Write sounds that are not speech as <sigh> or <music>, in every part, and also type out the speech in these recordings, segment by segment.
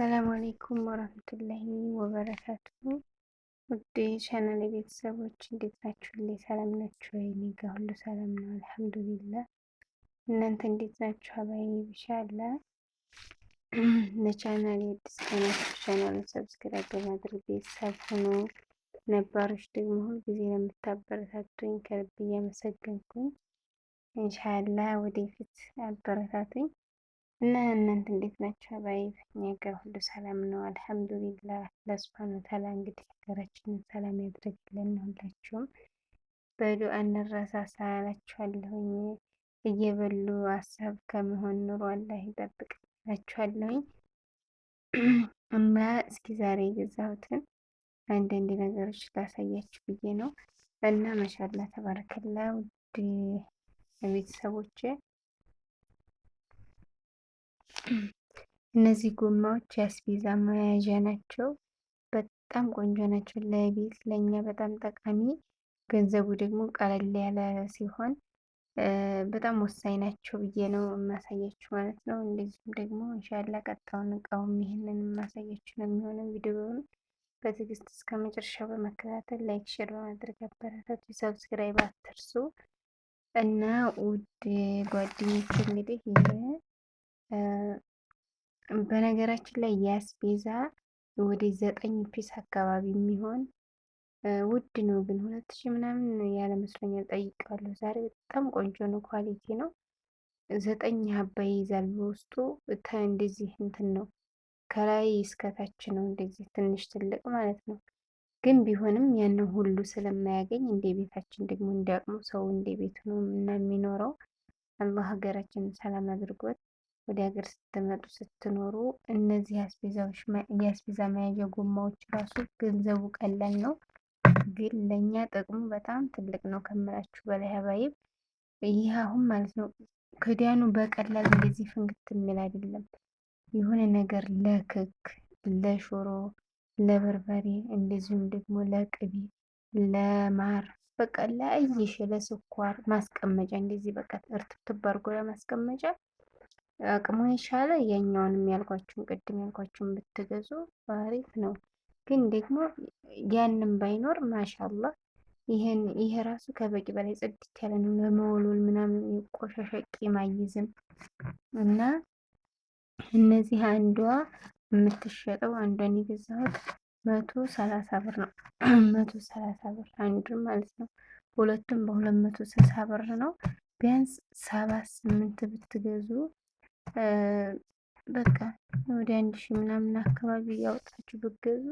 ሰላም አሌይኩም ወራህመቱላሂ ወበረካቱ። ውድ ቻናል ቤተሰቦች እንዴት ናችሁልኝ? ሰላም ናችሁ ወይ? እኔ ጋ ሁሉ ሰላም ነው አልሐምዱሊላ። እናንተ እንዴት ናችሁ? አባይ ብሻላ ለቻናል አዲስ ከሆናችሁ ቻናሉን ሰብስክራይብ በማድረግ ቤተሰብ ሁኑ። ነባሮች ደግሞ ጊዜ ለምታበረታቱኝ ከልብ እያመሰገንኩኝ ኢንሻአላ ወደፊት አበረታቱኝ። እና እናንተ እንዴት ናችሁ? አባይ እኛ ጋር ሁሉ ሰላም ነው፣ አልሐምዱሊላህ። ለስብሃኑ ተዓላ እንግዲህ ሀገራችንን ሰላም ያድርግልን። ሁላችሁም በዱአ እንረሳሳ እላችኋለሁኝ። እየበሉ ሀሳብ ከመሆን ኑሮ አላህ ይጠብቅ እላችኋለሁኝ። እና እስኪ ዛሬ የገዛሁትን አንዳንድ ነገሮች ላሳያችሁ ብዬ ነው። እና ማሻላ ተባረከላ ውድ ቤተሰቦቼ እነዚህ ጎማዎች የአስቤዛ መያዣ ናቸው። በጣም ቆንጆ ናቸው። ለቤት ለእኛ በጣም ጠቃሚ፣ ገንዘቡ ደግሞ ቀለል ያለ ሲሆን በጣም ወሳኝ ናቸው ብዬ ነው የማሳያችሁ ማለት ነው። እንደዚሁም ደግሞ እንሻላ ቀጣውን እቃውም ይህንን የማሳያችሁ ነው የሚሆነው። ቪዲዮውን በትዕግስት እስከ መጨረሻው በመከታተል ላይክ፣ ሼር በማድረግ አበረታቱ። ሰብስክራይብ አትርሱ እና ውድ ጓደኞች እንግዲህ በነገራችን ላይ ያስቤዛ ወደ ዘጠኝ ፒስ አካባቢ የሚሆን ውድ ነው፣ ግን ሁለት ሺህ ምናምን ያለ መስሎኛል። ጠይቀዋለሁ ዛሬ። በጣም ቆንጆ ነው፣ ኳሊቲ ነው። ዘጠኝ አባይ ይይዛል በውስጡ እንደዚህ እንትን ነው፣ ከላይ እስከታች ነው፣ እንደዚህ ትንሽ ትልቅ ማለት ነው። ግን ቢሆንም ያንን ሁሉ ስለማያገኝ እንደ ቤታችን ደግሞ እንዲያቅሙ ሰው እንደ ቤቱ ነው እና የሚኖረው። አላህ ሀገራችንን ሰላም አድርጎት ወደ ሀገር ስትመጡ ስትኖሩ እነዚህ የአስቤዛ መያዣ ጎማዎች ራሱ ገንዘቡ ቀላል ነው፣ ግን ለእኛ ጥቅሙ በጣም ትልቅ ነው ከምላችሁ በላይ ሀባይብ። ይህ አሁን ማለት ነው ክዳኑ በቀላል እንደዚህ ፍንክት የሚል አይደለም። የሆነ ነገር ለክክ፣ ለሽሮ፣ ለበርበሬ እንደዚሁም ደግሞ ለቅቤ፣ ለማር በቃ ለአይሽ ለስኳር ማስቀመጫ እንደዚህ በቃ እርትብትብ አድርጎ ለማስቀመጫ አቅሙ የቻለ የኛውንም ያልኳችሁን ቅድም ያልኳችሁን ብትገዙ አሪፍ ነው። ግን ደግሞ ያንም ባይኖር ማሻላ ይህን ይሄ ራሱ ከበቂ በላይ ጽድት ያለ ነው። ለመወልወል ምናምን ቆሻሻ ቂም አይዝም እና እነዚህ አንዷ የምትሸጠው አንዷን የገዛሁት መቶ ሰላሳ ብር ነው። <clears throat> መቶ ሰላሳ ብር አንዱ ማለት ነው። ሁለቱም በሁለት መቶ ስልሳ ብር ነው። ቢያንስ ሰባ ስምንት ብትገዙ በቃ ወደ አንድ ሺ ምናምን አካባቢ እያወጣችሁ ብገዙ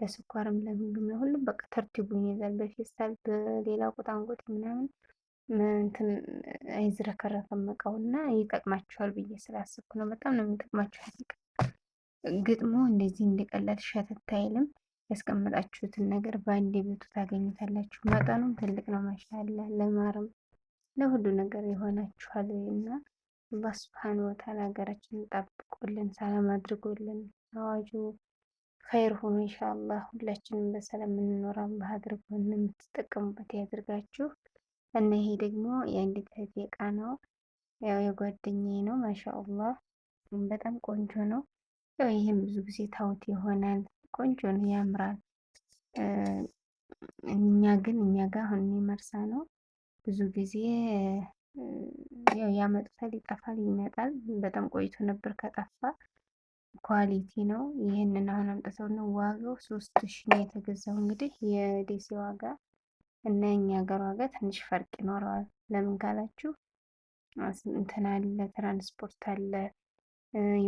ለስኳርም ነው ሁሉም በቃ ተርቲቡን ይይዛል። በፌስታል በሌላ ቁጣንቁጥ ምናምን እንትን አይዝረከረከም እቃው እና ይጠቅማችኋል ብዬ ስላስብኩ ነው። በጣም ነው የሚጠቅማችኋል። ግጥሞ እንደዚህ እንደቀላል ሸተት አይልም። ያስቀመጣችሁትን ነገር በአንድ ቤቱ ታገኙታላችሁ። መጠኑም ትልቅ ነው። ማሻላ ለማርም ለሁሉ ነገር ይሆናችኋል እና አላህ ስብሓን ወተዓላ ሀገራችንን ጠብቆልን ሰላም አድርጎልን አዋጁ ኸይር ሆኖ ኢንሻአላህ ሁላችንም በሰላም እንኖር አላህ አድርጎን የምትጠቀሙበት ያድርጋችሁ። እና ይሄ ደግሞ የአንዲት እህቴ እቃ ነው። ያው የጓደኛዬ ነው። ማሻአላህ በጣም ቆንጆ ነው። ያው ይህም ብዙ ጊዜ ታውት ይሆናል። ቆንጆ ነው፣ ያምራል። እኛ ግን እኛ ጋር አሁን የሚመርሳ ነው ብዙ ጊዜ ያው ያመጡታል፣ ይጠፋል፣ ይመጣል። በጣም ቆይቶ ነበር ከጠፋ። ኳሊቲ ነው። ይህንን አሁን አምጥተው ነው ዋጋው ሶስት ሺ ነው የተገዛው። እንግዲህ የዴሴ ዋጋ እና የኛ ሀገር ዋጋ ትንሽ ፈርቅ ይኖረዋል። ለምን ካላችሁ እንትን አለ፣ ትራንስፖርት አለ፣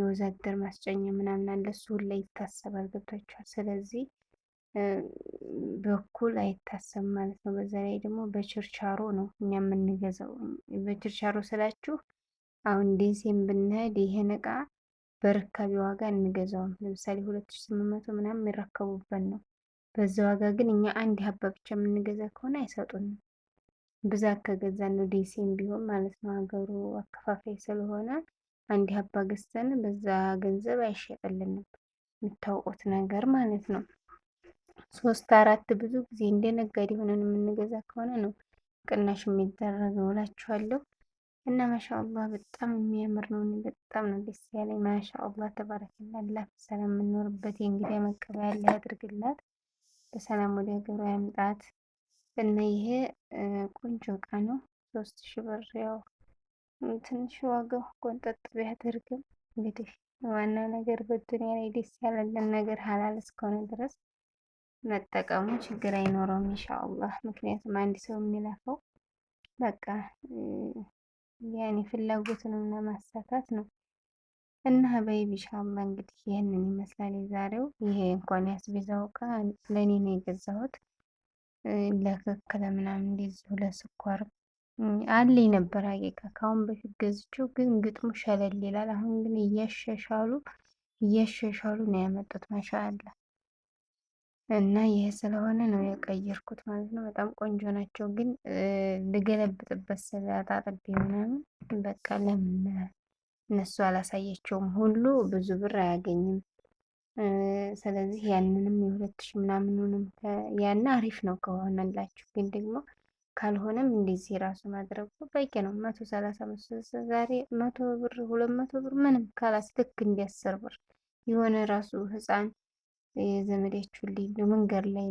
የወዛደር ማስጨኛ ምናምን አለ። እሱ ላይ ይታሰባል። ገብታችኋል። ስለዚህ በኩል አይታሰብ ማለት ነው። በዛ ላይ ደግሞ በችርቻሮ ነው እኛ የምንገዛው። በችርቻሮ ስላችሁ አሁን ዴሴም ብንሄድ ይሄን እቃ በርካቢ ዋጋ እንገዛውም። ለምሳሌ ሁለት ሺ ስምንት መቶ ምናምን የሚረከቡበት ነው። በዛ ዋጋ ግን እኛ አንድ ሀባ ብቻ የምንገዛ ከሆነ አይሰጡንም። ብዛት ከገዛ ነው ዴሴም ቢሆን ማለት ነው። ሀገሩ አከፋፋይ ስለሆነ አንድ ሀባ ገዝተን በዛ ገንዘብ አይሸጥልንም። የምታውቁት ነገር ማለት ነው። ሶስት አራት ብዙ ጊዜ እንደ ነጋዴ ሆነን የምንገዛ ከሆነ ነው ቅናሽ የሚደረገው እላችኋለሁ። እና ማሻአላህ በጣም የሚያምር ነው። በጣም ነው ደስ ያለኝ። ማሻአላህ ተባረከላ። ላፍ በሰላም የምንኖርበት የእንግዳ መቀበያ ያለ ያድርግላት። በሰላም ወደ ሀገሯ ያምጣት። እና ይሄ ቆንጆ እቃ ነው። ሶስት ሺ ብር ያው ትንሽ ዋጋው ቆንጠጥ ቢያደርግም እንግዲህ ዋና ነገር በዱንያ ላይ ደስ ያለልን ነገር ሀላል እስከሆነ ድረስ መጠቀሙ ችግር አይኖረውም ኢንሻአላህ። ምክንያቱም አንድ ሰው የሚለፈው በቃ ያኔ ፍላጎቱንም ለማሳካት ነው እና ሀበይብ ኢንሻአላህ እንግዲህ ይህንን ይመስላል የዛሬው። ይሄ እንኳን ያስቤዛው እቃ ለእኔ ነው የገዛሁት። ለክክ ለምናምን እንደዚሁ ለስኳር አለኝ ነበር አቂቃ ከአሁን በፊት ገዝቼው ግን ግጥሙ ሸለል ይላል። አሁን ግን እያሻሻሉ እያሻሻሉ ነው ያመጡት ማሻአላህ እና ይሄ ስለሆነ ነው የቀየርኩት ማለት ነው። በጣም ቆንጆ ናቸው፣ ግን ልገለብጥበት ስለአጣጥቤ ምናምን በቃ ለምን እነሱ አላሳየቸውም ሁሉ ብዙ ብር አያገኝም። ስለዚህ ያንንም የሁለት ሺ ምናምኑንም ያን አሪፍ ነው ከሆነላችሁ፣ ግን ደግሞ ካልሆነም እንደዚህ ራሱ ማድረጉ በቂ ነው። መቶ ሰላሳ አምስት ዛሬ መቶ ብር ሁለት መቶ ብር ምንም ካላስ ልክ እንዲያስር ብር የሆነ ራሱ ህፃን የዘመዳችሁን ልጅ መንገድ ላይ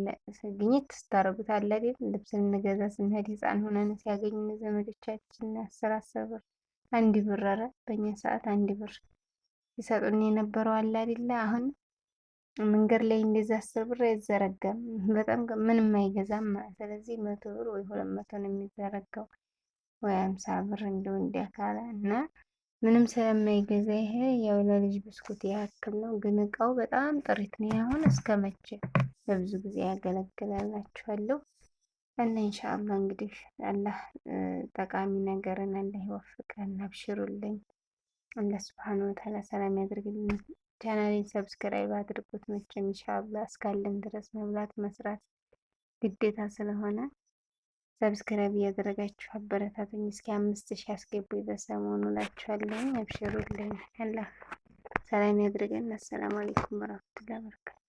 ግኝት ስታረጉታል አይደል? ልብስ እንገዛ ስንሄድ ህፃን ሆነን ሲያገኝ ዘመዶቻችን አስር አስር ብር አንድ ብር፣ ኧረ በእኛ ሰዓት አንድ ብር ይሰጡን የነበረው አለ አይደለ? አሁን መንገድ ላይ እንደዛ አስር ብር አይዘረጋም፣ በጣም ምንም አይገዛም። ስለዚህ መቶ ብር ወይ ሁለት መቶ ነው የሚዘረጋው ወይ አምሳ ብር እንዲሁ እንዲያካላ እና ምንም ስለማይገዛ ይሄ ያው ለልጅ ብስኩት ያክል ነው። ግን እቃው በጣም ጥሪት ነው። ያሁን እስከ መቼ ለብዙ ጊዜ ያገለግላላችኋለሁ እና ኢንሻአላህ እንግዲህ አላህ ጠቃሚ ነገርን አላህ ይወፍቀን። አብሽሩልኝ። አላህ ሱብሓነሁ ወተዓላ ሰላም ያድርግልኝ። ቻናሌን ሰብስክራይብ አድርጉት። መቼም ኢንሻአላህ እስካለን ድረስ መብላት መስራት ግዴታ ስለሆነ ሰብስክራይብ እያደረጋችሁ አበረታቱኝ። እስኪ አምስት ሺህ አስገቡ በሰሞኑ ላችኋለሁ። አብሽሩልኝ። አላህ ሰላም ያድርገን። አሰላሙ አለይኩም ወራህመቱላሂ ወበረካቱ